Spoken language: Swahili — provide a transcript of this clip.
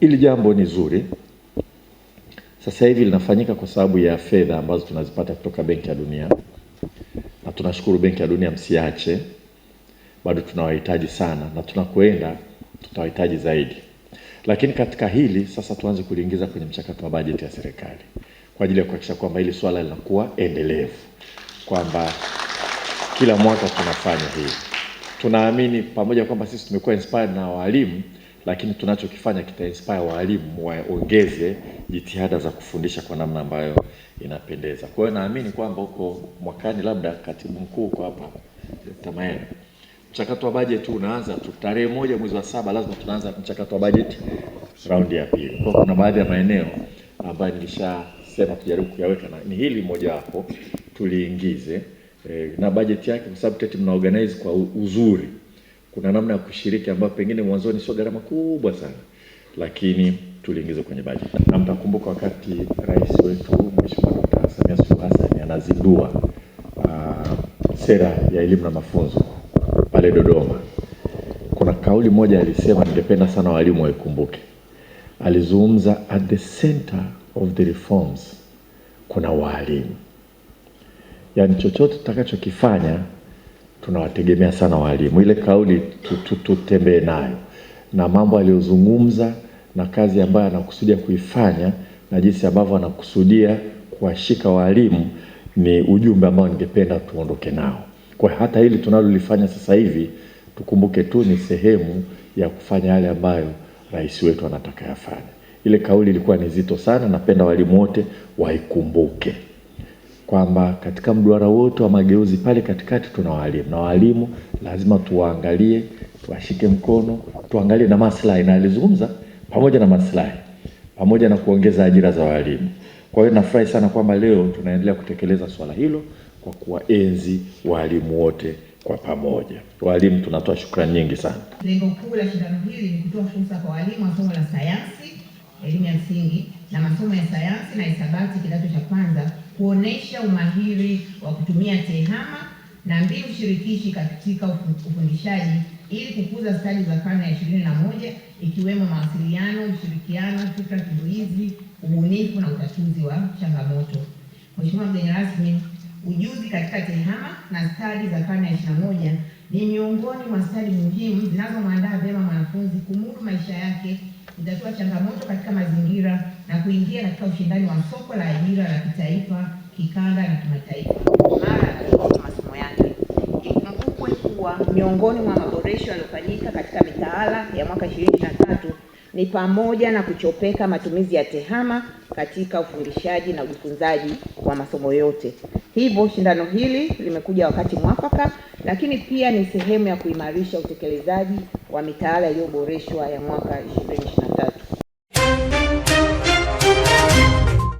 Hili jambo ni zuri. Sasa hivi linafanyika kwa sababu ya fedha ambazo tunazipata kutoka Benki ya Dunia, na tunashukuru Benki ya Dunia, msiache, bado tunawahitaji sana, na tunakwenda tutawahitaji zaidi. Lakini katika hili sasa, tuanze kuliingiza kwenye mchakato wa bajeti ya serikali kwa ajili ya kuhakikisha kwamba hili swala linakuwa endelevu, kwamba kila mwaka tunafanya hili. Tunaamini pamoja kwamba sisi tumekuwa inspired na walimu lakini tunachokifanya kita walimu waalimu waongeze jitihada za kufundisha kwa namna ambayo inapendeza. Kwa hiyo naamini kwamba huko mwakani, labda katibu mkuu kwa hapa Tamaena, mchakato wa bajeti unaanza tu tarehe moja mwezi wa saba, lazima tunaanza mchakato wa bajeti raundi ya pili. Kwa kuna baadhi ya maeneo ambayo nilishasema tujaribu kuyaweka na ni hili moja wapo tuliingize, eh, na bajeti yake kwa sababu tete mna organize kwa uzuri kuna namna ya kushiriki ambayo pengine mwanzoni sio gharama kubwa sana, lakini tuliingiza kwenye bajeti. Na mtakumbuka wakati rais wetu Mheshimiwa Dkt. Samia Suluhu Hassan anazindua uh, sera ya elimu na mafunzo pale Dodoma, kuna kauli moja alisema, ningependa sana walimu waikumbuke. Alizungumza, at the center of the reforms kuna walimu, yaani chochote tutakachokifanya tunawategemea sana walimu. Ile kauli tutembee nayo na mambo aliyozungumza na kazi ambayo anakusudia kuifanya na jinsi ambavyo anakusudia kuwashika walimu ni ujumbe ambao ningependa tuondoke nao. Kwa hata hili tunalolifanya sasa hivi tukumbuke tu ni sehemu ya kufanya yale ambayo rais wetu anataka yafanye. Ile kauli ilikuwa ni zito sana, napenda walimu wote waikumbuke kwamba katika mduara wote wa mageuzi pale katikati tuna walimu na walimu lazima tuwaangalie, tuwashike mkono, tuangalie na maslahi, na alizungumza pamoja na maslahi, pamoja na kuongeza ajira za walimu. Kwa hiyo nafurahi sana kwamba leo tunaendelea kutekeleza swala hilo kwa kuwaenzi walimu wote kwa pamoja. Walimu tunatoa shukrani nyingi sana. Lengo kuu la shindano hili ni kutoa fursa kwa walimu wa somo la sayansi, elimu ya msingi na masomo ya sayansi na hisabati kidato cha kwanza kuonesha umahiri wa kutumia TEHAMA na mbinu shirikishi katika ufundishaji ili kukuza stadi za karne ya ishirini na moja ikiwemo mawasiliano, ushirikiano, fikra kizuizi, ubunifu na utatuzi wa changamoto. Mheshimiwa mgeni rasmi, ujuzi katika TEHAMA na stadi za karne ya ishirini na moja ni miongoni mwa stadi muhimu zinazomwandaa vyema mwanafunzi kumudu maisha yake itatoa changamoto katika mazingira na kuingia katika ushindani wa soko la ajira la kitaifa, kikanda na kimataifa mara katika masomo yake. Ikumbukwe kuwa miongoni mwa maboresho yaliyofanyika katika mitaala ya mwaka 2023 ni pamoja na kuchopeka matumizi ya TEHAMA katika ufundishaji na ujifunzaji wa masomo yote. Hivyo shindano hili limekuja wakati mwafaka, lakini pia ni sehemu ya kuimarisha utekelezaji wa mitaala iliyoboreshwa ya mwaka 2023.